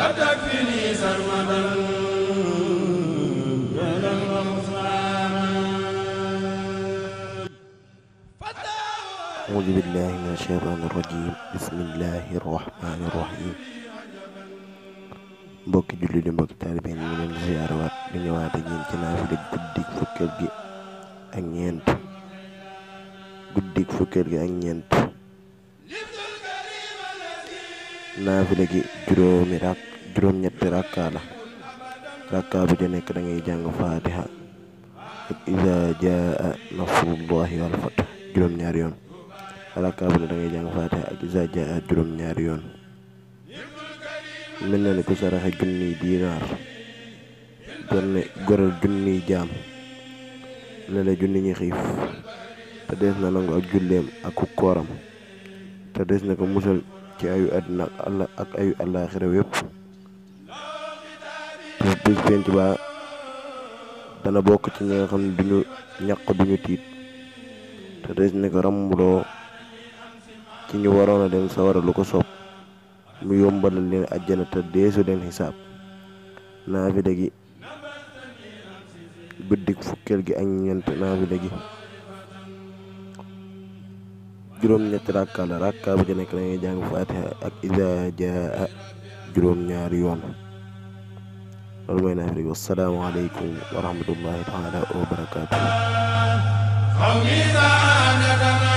أعوذ بالله من الشيطان الرجيم بسم الله الرحمن الرحيم mbokki julli di mbokki taalibe ñu leen ziyaar waat di ñëwaat ak guddik fukkeel gi ak ñeent guddik fukkeel gi ak ñeent naafila gi juróomi juróom ñetti rakka la rakka bu ju nekk da ngay jang fatiha ak iza jaa nasrullahi wal fath juróom ñaari yoon rakka bu da ngay jang fatiha ak iza jaa juróom ñaari yoon min na ko ku saraxe junni dinaar jonne goral junni jam la la jinni ñi xif te des na nangu ak jullem ak koram kooram te des na ko musal ci ayu adna ak ayu alaxira yépp bis penc ba dana bokk ci ñi nga xam ne duñu ñàq duñu tiit te des ni ko ràmbuloo ci ñu waroon a dem sawara lu ko soob mu yombalal leen àjjana te deesu leen xisaab naafila gi guddik fukkeel gi ak ñeent naafila gi juróom-ñetti rakka la rakka bu ci nekk la ngay jàng faatiha ak izaa jaa juróom-ñaari yoon أمري والسلام عليكم ورحمة الله تعالى وبركاته